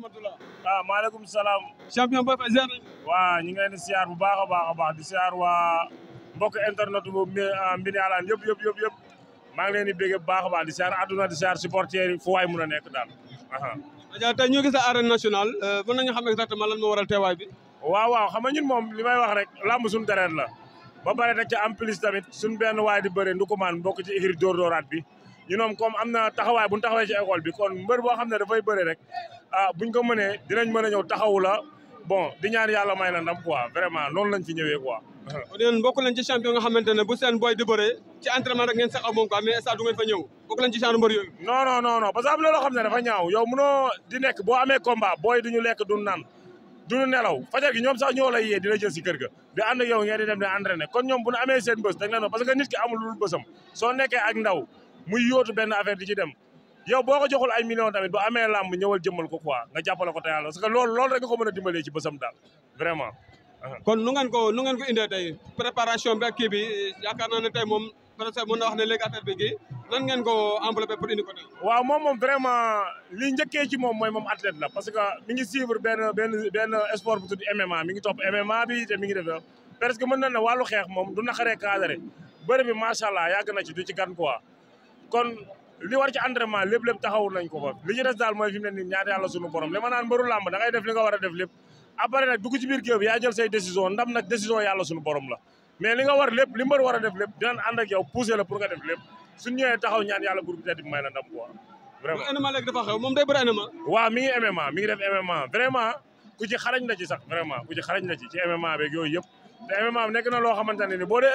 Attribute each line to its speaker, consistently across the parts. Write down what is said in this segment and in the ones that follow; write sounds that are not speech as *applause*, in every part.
Speaker 1: rahmatullah
Speaker 2: waaw ah, maaleykum salaam champion ba Faye ziar nañ waaw ñu ngi leen siyaar bu baax a baax a baax di siyaar waa mbokk internet bu ah, Mbine Yalane yëpp yëpp yëpp yëpp maa ngi leen di bégge baax a baax di siyaar adduna di siyaar supporters yi fu waay mun a nekk daal aa aja tey ñu gis a arène nationale euh, mën nañu xam exactement lan moo waral teewaay bi waaw waaw xam nga ñun moom li may wax rek làmb suñu deret la ba pare teg ca en plus tamit suñu benn waay di bëre ndukumaan bokk ci écurie Dóor Dóoraat bi ñu noom comme am na taxawaay bu taxawee ci école bi kon mbër boo xam ne dafay bëre rek ah buñ
Speaker 1: ko mënee dinañ mën a ñëw taxawu la bon di ñaar yàlla may na ndam quoi vraiment loolu lañ fi ñëwee quoi. *laughs* yéen bokk leen ci champion nga xamante ne bu seen boy di bëre ci entraînement rek ngeen sax amoon quoi mais stade fa ñëw bokk leen ci genre mbër yooyu. non non parce que am na xam ne dafa ñaaw yow munoo di nekk boo amee
Speaker 2: combat booy duñu lekk du naan duñu nelaw fajar gi ñoom sax ñoo lay yee di la jël si kër ga. di ànd yow ngeen di dem di entraîné kon ñoom bu ñu amee seen bës dañ leen ak ndaw muy yóotu benn affaire di ci dem yow boko joxul ay million tamit bu amé lamb ñëwal jëmmal ko quoi nga jappalé ko te parce que lool lool rek nga ko mëna
Speaker 1: dimbalé ci bëssam
Speaker 2: dal vraiment.
Speaker 1: kon nu ngeen ko nu ngeen ko indé tay préparation ba ki bi yaakaar naa ne tey moom professeur mën na wax ne léegi affaire bi gi lan ngeen ko envelopper pour indi ko tay waaw mom mom vraiment li ñëkke ci mom moy mom athlète la parce
Speaker 2: que mi ngi suivre ben ben ben sport bu tudd MMA mi ngi top MMA bi té mi ngi def presque mëna na ne xex mom moom du naqaree cadré bëri bi machallah allah na ci du ci gan quoi kon. li war ci entraînement lépp lépp taxawul nañ ko ko li ci des daal mooy fi mu ne nii ñaata yàlla sunu borom li naan mbëru làmb da def li nga war a def lépp après nag dugg ci biir géew bi yaa jël say décision ndam nag décision yàlla sunu borom la mais li nga war lépp li mbër war a def lépp dinañ ànd ak yow pousser la pour nga def lépp suñ ñëwee taxaw ñaan yàlla pour peut-être may la ndam quoi vraiment mi MMA mi ngi MMA vraiment ku ci na sax vraiment ku ci xarañ ci MMA beeg yooyu loo xamante ne ni boo loo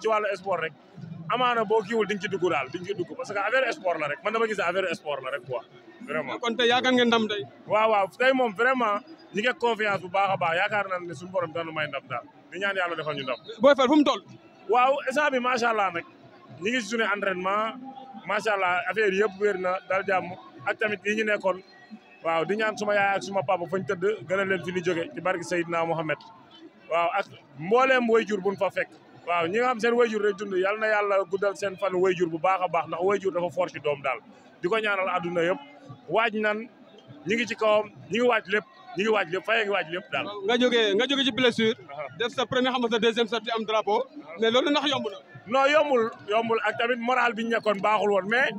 Speaker 2: ci wàllu sport rek amaana boo kiiwul di nga ci dugg daal di nga ci dugg parce que affaire sport la rek man dama gis affaire sport la rek quoi vraiment yaakaar ngeen ndam tey waaw waaw tey moom vraiment ñi ngi confiance bu baax a baax yaakaar naa ne suñu borom danu may ndam daal di ñaan yàlla defal ñu ndam Boy Fall fu mu waaw instant bi macha allah nag ñi ngi si suñu entraînement macha allah affaire yëpp wér na dal jàmm ak tamit yi ñu nekkoon waaw di ñaan suma yaay suma papa fañ tëdd gën a leen fi ñu jóge ci barki Seydina Mohamed waaw ak mbooleem way jur buñ fa fekk waaw ñi nga xam seen wayjur day dund yal na yàlla guddal seen fan wayjur bu baax a na ndax wayjur dafa fort ci doom daal di ko ñaanal àdduna yëpp
Speaker 1: waaj nan ñi ngi ci kawam ñi ngi waaj lépp ñi ngi waaj lépp fayee ngi waaj lépp daal nga jógee nga jógee ci blessure def sa premier xam nga sa deuxième sortie am drapeau mais loolu ndax yomb na non yombul
Speaker 2: yombul ak tamit moral bi ñu nekkoon baaxul woon mais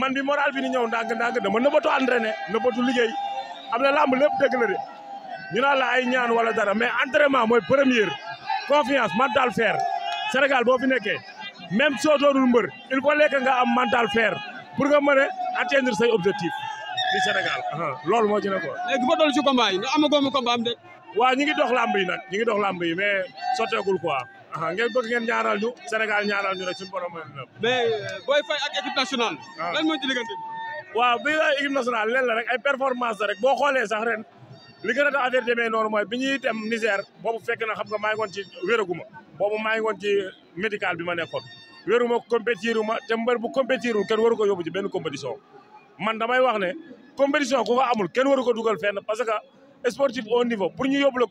Speaker 2: man bi moral bi ni ñëw ndànk ndànk dama nëbbatu entraîné nëbbatu liggéey am na làmb lépp dëgg de ñu naan la ay ñaan wala dara mais entraînement mooy première confiance mental faire Sénégal boo fi nekkee même soo doonul mbër il faut lekk nga am mental faire pour nga mën a atteindre say objectif di Sénégal loolu moo ci ne ko léegi fa dool ci combat yi nga amagoo combat am de waaw ñi ngi dox lamb yi nag ñi ngi dox lamb yi mais sotteegul quoi ngeen bëgg ngeen ñaanal ñu Sénégal ñaanal ñu rek suñu borom la mais euh, Boy Faye ak équipe nationale ah. lan moo ci diggante waaw bi équipe nationale leen la rek ay performance la rek boo xoolee sax ren li gën a tax affaire demee noonu mooy bi ñuy dem Niger boobu fekk na xam nga maa ngi woon ci wéraguma boobu maa ngi woon ci médical bi ma nekkoon wéruma compétiru ma te mbër bu compétirul kenn waru ko yóbbu ci benn compétition man damay wax ne compétition ku ko amul kenn waru ko dugal fenn parce que sportif au niveau pour ñu yóbbu la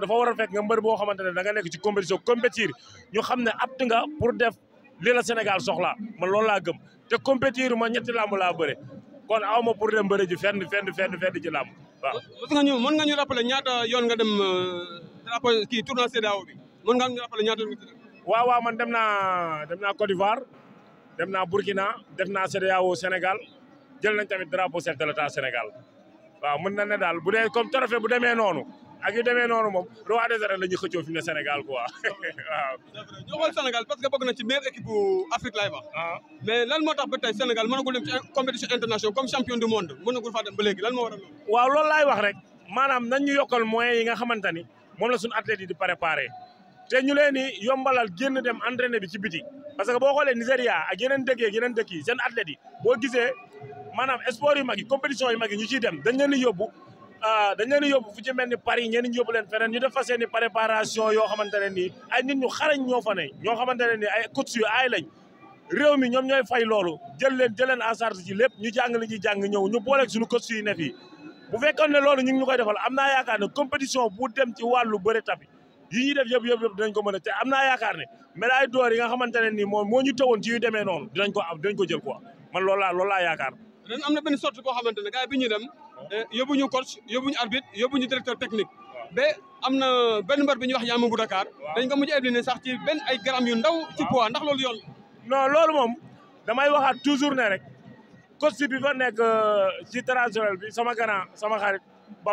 Speaker 2: dafa war a fekk nga mbër boo xamante ne da nga nekk ci compétition compétir ñu xam ne apt nga pour def li la Sénégal soxlaa man loolu laa gëm t compétiru ma ñetti laa bëre kon aw ma pour
Speaker 1: dem bëre waaw mën nga ñu mën nga ñaata yoon nga dem drapeau euh, kii tournoi CEDEAO bi mën nga a rappeler ñaata yoon man dem naa dem naa
Speaker 2: Côte d'Ivoire dem naa Burkina def naa CEDEAO Sénégal jël nañ tamit drapeau chef de l'État Sénégal waaw mën na ne daal bu de comme trophée bu demee noonu ak yu demee noonu moom
Speaker 1: roi des arènes la xëccoo fi mu ne Sénégal quoi *laughs* waaw. ñu xool Sénégal parce que bokk na ci meilleure équipe Afrique laay wax. Ah. mais lan moo tax ba tey Sénégal mënagul dem ci compétition internationale comme champion du monde mënagul faa dem ba léegi lan moo waral loolu. waaw loolu laay wax rek maanaam nañ ñu yokkal moyens yi nga xamante ni
Speaker 2: moom la suñu athlètes yi di préparé te ñu leen di yombalal génn dem entraîné bi ci biti. parce que boo xoolee Nigéria ak yeneen dëkk yeeg yeneen dëkk yi seen athlète yi boo gisee maanaam sport yu mag yi compétition yu mag yi ñu ciy dem dañ leen di yóbbu Ah, dañ yóbbu fu ci mel ni Paris ñenn ñu leen feneen ñu def fa seen i préparation yoo xamante ne ay nit ñu xarañ ñoo fa ne ñoo xamante ne nii ay coach yu aay lañ mi ñoom ñooy fay loolu jël leen jël leen en charge ci lépp ñu jàng li ñuy jàng ñëw ñu booleeg suñu coach yi ne fii bu fekkoon ne loolu ñu ngi ñu koy defal am na yaakaar ne compétition bu dem ci wàllu bëre tapi yi def yëpp yëpp dinañ ko mën a te am naa yaakaar ne médaille d'or yi nga xamante moom moo
Speaker 1: ñu tëwoon ci yu demee noonu dinañ ko am dinañ ko jël quoi man xamante ne gars ñu dem Eh, yóbbuñu coach yóbbuñu arbitre ñu directeur technique ba am na benn mbër bi ñuy wax Yamou bu dañ ko mujj a ne sax ci benn ay grammes yu ndaw ci poids ndax loolu yoon non loolu moom damay waxaat toujours ne rek coach bi fa nekk euh,
Speaker 2: ci traditionnel bi sama grand sama xarit ba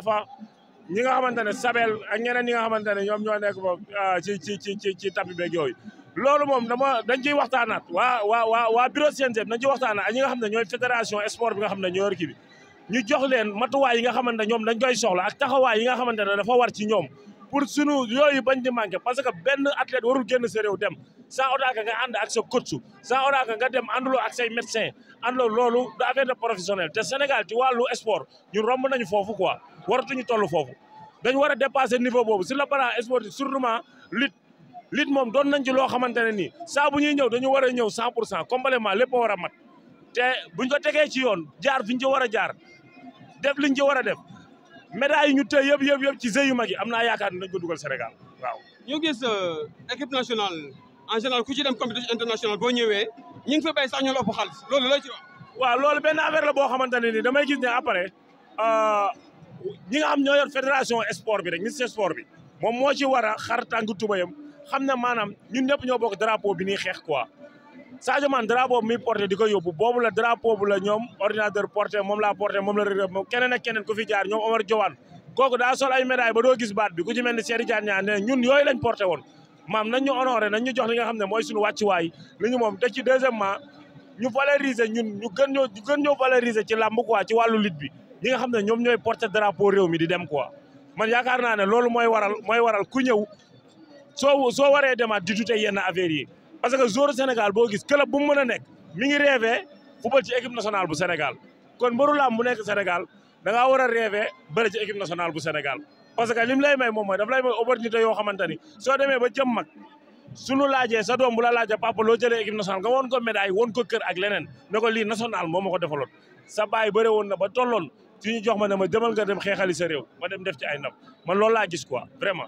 Speaker 2: ñi nga xamante ne Sabel ak ñeneen nga xamante ne ñoo nekk foofu euh, ci ci ci ci ci tapis beeg yooyu loolu moom dama dañ ciy waxtaanaat waa waa waa waa bureau CNG dañ ciy waxtaanaat ak ñi nga xam ne ñooy fédération sport bi nga xam ne ñoo yor kii bi ñu jox leen matuwaay yi nga xamante ñoom dañ koy soxla ak taxawaay yi nga xamante ne dafa war ci ñoom pour sunu yooyu bañ di manqué parce que benn athlète warul génn sa u dem sans Odaaka nga ànd ak sa coach sans Odaaka nga dem ànduloo ak say médecin ànduloo loolu du affaire de professionnel te Sénégal ci wàllu sport ñun romb nañu foofu quoi waratuñu toll foofu dañ war a dépasser niveau boobu sur le plan sportif surtout lutte lutte moom doon nañ ci loo xamante ne nii saa bu ñuy ñëw dañu war a ñëw 100 pour cent complètement lépp war a mat te buñ ko tegee ci yoon jaar fiñ ci war a jaar def liñ ci war a def médailles yi ñu tey yëpp yëpp yëpp ci jeux yu mag yi am naa yaakaar ne dañ ko
Speaker 1: dugal waaw. ñu gis euh, équipe nationale en général ku ci dem compétition internationale boo ñëwee ñu ngi fa bay sax ñu la ëpp xaalis loolu loo ci wax. waaw loolu benn affaire la boo xamante ne ni damay gis
Speaker 2: ne après euh, ñi nga xam ñoo yor fédération sport bi rek ministère sport bi moom moo ci war a xar tànk tubayam xam ne maanaam ñun ñëpp ñoo bokk drapeau bi ñuy xeex quoi. Sadio Mané drapeau boobu muy di ko yóbbu boobu la drapeau bu la ñoom ordinateur porté moom la porté moom la rëg moom keneen ak keneen ku fi jaar ñoom Omar Diouane kooku daa sol ay médaille ba doo gis baat bi ku ci mel ni Serigne Diagne ñaan ne ñun yooyu lañ porté woon maam nañ ñu jox li ga xam ne mooy suñu wàccuwaay li ñu moom te ci deuxièmement ñu valoriser ñun ñu gën ñoo ñu gën ñoo valoriser ci làmb quoi ci wàllu lutte bi ñi nga xam ne ñoom ñooy porté drapeau réew mi di dem quoi man yaakaar naa ne loolu mooy waral mooy waral ku ñëw soo soo waree demaat di dute yenn affaires yi parce que joueur Sénégal boo gis club bu mu mën a nekk mi ngi rêvé football ci équipe nationale bu Sénégal kon mbaru bu nekk Sénégal da ngaa war a rêvé bëri bu Sénégal parce que lim lay may moom mooy daf lay may opportunité yoo xamante ni soo demee ba jëm mag suñu laajee sa doom bu la laajee papa loo jëlee équipe nationale nga woon ko médaille woon ko kër ak leneen ne ko lii national moo ma ko defaloon sa baay bëre woon na ba tolloon jox ma ne ma demal nga dem xeexali sa def ci ay ndam man loolu laa gis quoi vraiment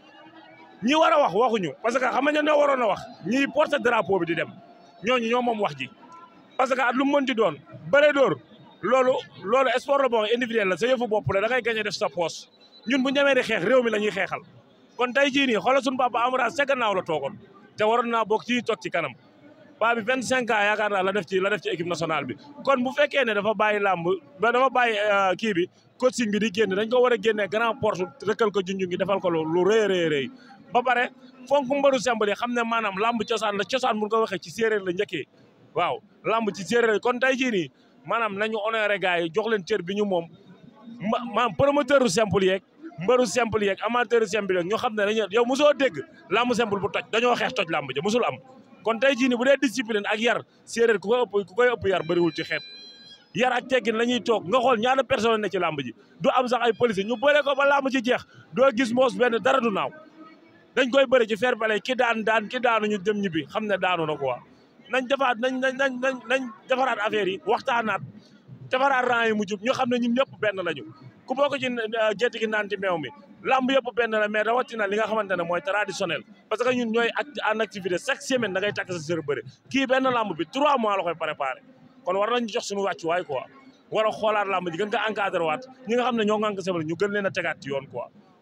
Speaker 2: ñi wara a wax waxuñu parce que xam nga ñoo waroon a wax ñi porte drapeau bi di dem ñooñu ñoo mom wax ji parce que at lu mën di doon balé dor lolu lolu sport bon individuel la sa yeufu bop la da ngay gagner def sa poste ñun bu ñemee di xex réew mi lañuy xexal kon tay ji ni xoolal suñu papa amra sa gannaaw la togon te waroon naa bokk ci tok ci kanam paa bi 25 ans yaakaar na la def ci la def ci équipe nationale bi kon bu fekkee ne dafa lamb ba dafa bàyyi euh, ki bi coaching bi di génn dañ ko wara a grand porte rekkal ko junjun defal ko lu rëy rëy rëy ba pare fonk mbëru simple yi xam ne maanaam lamb cosaan la cosaan mu ñu ko waxee ci séeréer la njëkkee waaw lamb ci séeréer kon tey jii nii maanaam nañu honoré gars yi jox leen cër bi ñu moom maanaam promoteur simple yeeg mbëru simple yeeg amateur simple yeeg ñu xam ne dañu yow mosoo dégg lamb simple bu toj dañoo xeex toj lamb ja mosul am kon tey jii nii bu dee discipline ak yar séeréer ku koy ëpp ku koy ëpp yar bëriwul ci xeeb yar ak teggin la ñuy toog nga xool ñaata personne ne ci làmb ji du am sax ay policier ñu bëree ko ba làmb ji jeex doo gis moos benn dara naaw dañ koy bëri ci fair play ki daan daan ki daan ñu dem ñibbi xam ne daanu na quoi nañ defaat nañ nañ nañ nañ defaraat affaire yi waxtaanaat defaraat rang yi mu jub ñu xam ne ñun ñëpp benn lañu ku bokk ci euh, gerte gi naan ci meew mi lamb yëpp benn la mais rawatina li nga xamante ne mooy traditionnel parce que ñun ñooy en activité chaque semaine da ngay takk sa sër bëri kii lamb bi trois mois la koy préparé kon war nañu jox suñu wàccuwaay quoi war a xoolaat lamb ji gën nga encadré waat
Speaker 1: ñi nga xam ne ñoo ngànk sebal gën leen a tegaat ci yoon quoi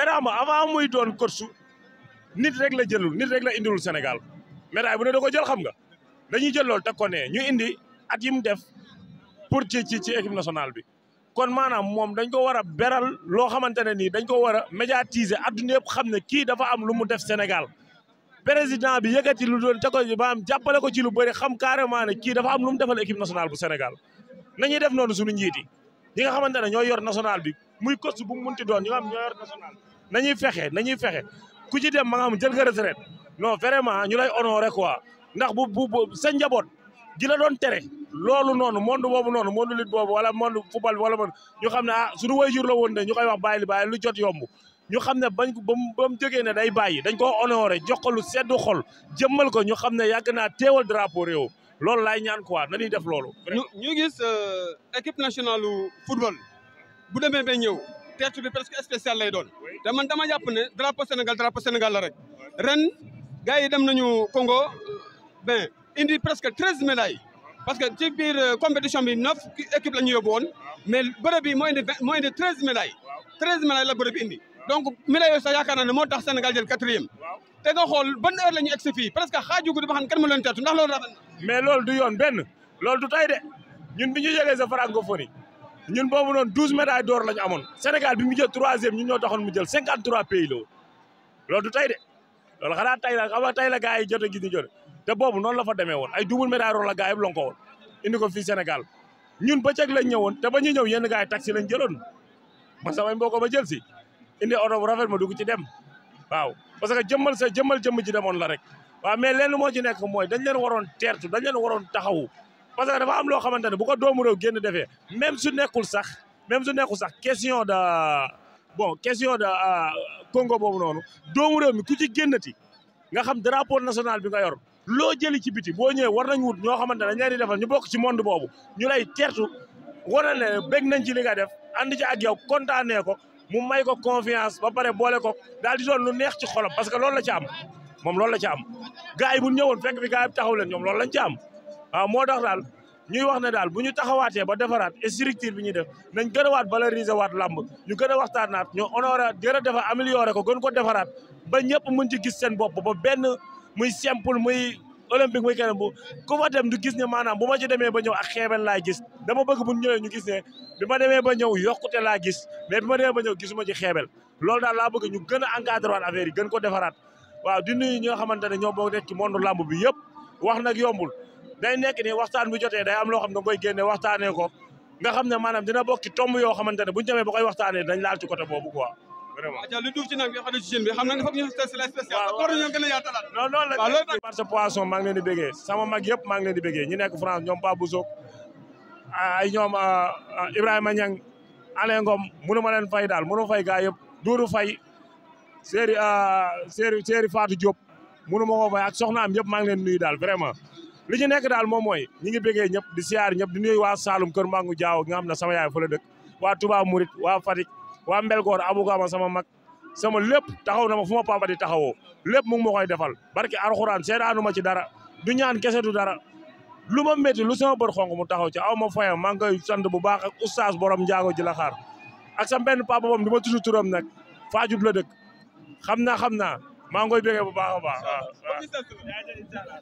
Speaker 1: Bérama avant muy doon su
Speaker 2: nit rek la jëlul nit rek la indiwul Sénégal médaille bu ne da jël xam nga dañuy jël loolu teg ko ne ñu indi at yi mu def pour ci ci ci équipe nationale bi. kon maanaam moom dañ ko war a beral loo xamante ne nii dañ ko war a médiatiser adduna yëpp xam ne kii dafa am lu mu def Sénégal président bi yëkkati lu doon teg ko ba jàppale ko ci lu bëri xam carrément ne kii dafa am lu mu defal équipe nationale bu Sénégal nañuy def noonu suñu njiit yi nga xamante ne ñoo yor national bi. muy coach bu mu munti doon ñu nga xam ñoo yor national nañuy fexe nañuy fexe ku ci dem ma jël nga retraite no vraiment ñu lay honoré quoi ndax bu bu sa njaboot ji la doon tere loolu noonu monde boobu noonu monde lutte boobu wala monde football bi wala monde ñu xam ne ah suñu waajur la woon de ñu koy wax bàyyi li bàyyi lu jot yomb ñu xam ne bañ ba mu ba mu ne day bàyyi dañ ko honoré jox ko lu seddu xol jëmmal ko ñu xam ne yàgg naa teewal drapeau réew loolu laay ñaan
Speaker 1: quoi na ñuy def loolu. ñu gis euh, équipe nationale football. bu demee ba ñëw teetu bi presque spécial lay doon te man dama jàpp ne drapeau Sénégal drapeau Sénégal la rek ren gars yi dem nañu Congo ben indi presque treize médailles parce que ci biir euh, compétition bi neuf équipe la ñu yóbbu woon mais bërëb bi moo indi moo indi treize médailles treize médailles la bërëb bi indi donc médailles yooyu sax yaakaar moo tax Sénégal jël quatrième te nga xool ban heure la ñu egsi fii presque xaaju guddi ba xam mais loolu du yoon benn
Speaker 2: loolu du tay de ñun bi ñu jógee sa francophonie ñun boobu noonu douze médailles d'or la ñu amoon Sénégal bi mu jël troisième ñun ñoo taxoon mu jël cinquante trois pays la woon loolu du tey de loolu xanaa tey la tey la yi jot a gis ñu jot te boobu noonu la fa demee woon ay double médaille d'or la gars yëpp lonko woon indi ko fii Sénégal ñun bëccëg lañ ñëwoon te ba ñuy ñëw yenn gars yi taxi lañ jëloon ma samay mbokk ma jël si indi oto bu rafet ma dugg ci dem waaw parce que jëmmal sa jëmmal jëmm ji demoon la rek waa mais lenn moo ci nekk mooy dañ leen waroon teertu dañ leen waroon taxawu parce que dafa am loo xamante ne bu ko doomu génn defee même su nekkul sax même su nekkul sax question da bon question de euh, Congo boobu noonu doomu réew mi ku ci génnati nga xam drapeau national bi nga yor loo jëli ci biti boo ñëwee war nañ wut ñoo xamante ne dañ leen di defal ñu bokk ci monde boobu ñu lay tertu wane ne bég nañ ci li nga def andi ci ak yow kontaanee ko mu may ko confiance ba pare boole ko daal di doon lu neex ci xolam parce que loolu la ci am moom loolu la am gars yi bu ñëwoon fekk ñoom loolu lañ ci am. waaw moo tax daal ñuy wax ne daal bu ñu taxawaatee ba defaraat structure bi ñuy def nañ gën a waat valoriser waat làmb ñu gën a waxtaanaat ñu honoré gën a defar améliorer ko gën ko defaraat ba ñëpp mën ci gis seen bopp ba benn muy simple muy olympique muy keneen bu ku fa dem du gis ne maanaam bu ma ci demee ba ñëw ak xeebel laay gis dama bëgg bu ñëwee ñu gis ne bi ma demee ba ñëw yokkute laa gis mais bi ma demee ba ñëw gisuma ci xeebel loolu daal laa bëgg ñu gën a encadré waat affaire yi gën ko defaraa waaw di ñi nga xamante ne ñoo bokk nekk ci monde làmb bi yëpp wax nag yombul day nekk ni waxtaan bu jotee day am loo xam ne koy génne waxtaanee ko nga xam ne maanaam dina bokk ci tomb yoo xamante ne buñu demee ba koy waxtaanee dañ laal ci côté boobu quoi
Speaker 1: vraiment. waaw lu duuf ci nag bi xam ne ci jën bi xam naa ne foog ñu c'est la spéciale.
Speaker 2: waaw waaw gën a yaatalaat. non non la ñu marché poisson maa ngi leen di béggee sama mag yëpp maa ngi leen di béggee ñi nekk France ñoom Pape Bousso ay ñoom euh, euh, Ibrahima Niang Alain Ngom mënu ma fay daal mënu fay gaa yëpp Doudou Faye Séeri euh, Séeri Fatou Diop mënu koo fay ak soxnaam yëpp maa ngi leen nuyu daal vraiment li ñu nekk daal moom mooy ñi ngi bëggee ñëpp di siyaar ñëpp di nuyu waa Saalum Kër Mangu Jaaw nga xam ne sama yaay fa la dëkk waa Touba Mouride waa Fatick waa Mbelgoor sama mag sama lépp taxaw na ma fu ma papa di taxawoo lépp mu ngi koy defal barke arxuraan seetaanu ma ci dara du ñaan kese du dara lu ma métti lu sama bët xonk mu taxaw ci aw ma fayam maa ngi koy sant bu baax ak oustaz borom njaago ji la xaar ak sa benn papa moom du ma tudd turam nag Faajub la dëkk xam naa xam naa maa ngi koy bégee bu baax
Speaker 1: a